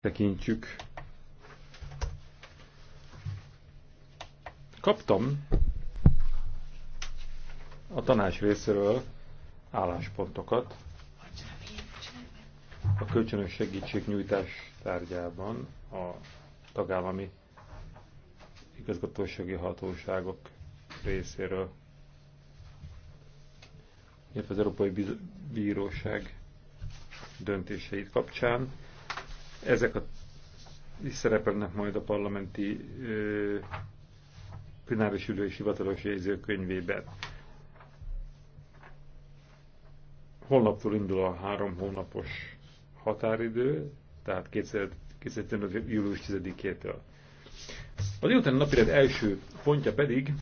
tekintjük. Kaptam a tanács részéről álláspontokat a kölcsönös segítségnyújtás tárgyában a tagállami igazgatósági hatóságok részéről, illetve az Európai Bíróság döntéseit kapcsán. Ezek a, is szerepelnek majd a parlamenti plenáris ülés hivatalos jegyzőkönyvében. Holnaptól indul a három hónapos határidő, tehát 2015. július 10-től. Az délután napirend első pontja pedig